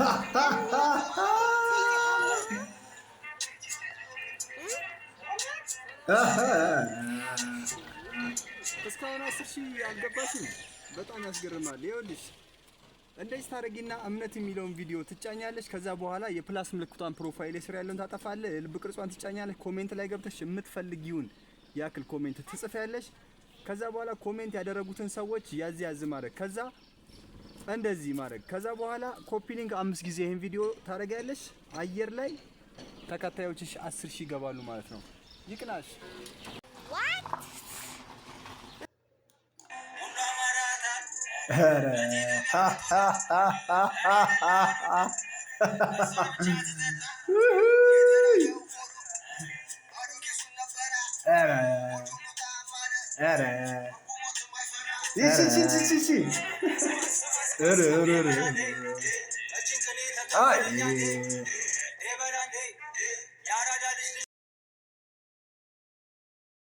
እስካሁን አስር ሺህ አልገባሽም። በጣም ያስገርማል። ይኸውልሽ እንደዚህ ታደርጊና እምነት የሚለውን ቪዲዮ ትጫኛለች። ከዛ በኋላ የፕላስ ምልክቷን ፕሮፋይል ስር ያለውን ታጠፋለህ። ልብ ቅርጿን ትጫኛለች ኮሜንት ላይ ገብተሽ የምትፈልጊውን ያክል ኮሜንት ትጽፊያለሽ። ከዛ በኋላ ኮሜንት ያደረጉትን ሰዎች ያዝ ያዝ ማድረግ ከዛ እንደዚህ ማድረግ። ከዛ በኋላ ኮፒሊንግ አምስት ጊዜ ይህን ቪዲዮ ታደርጊያለሽ። አየር ላይ ተከታዮችሽ አስር ሺህ ይገባሉ ማለት ነው። ይቅናሽ። አይ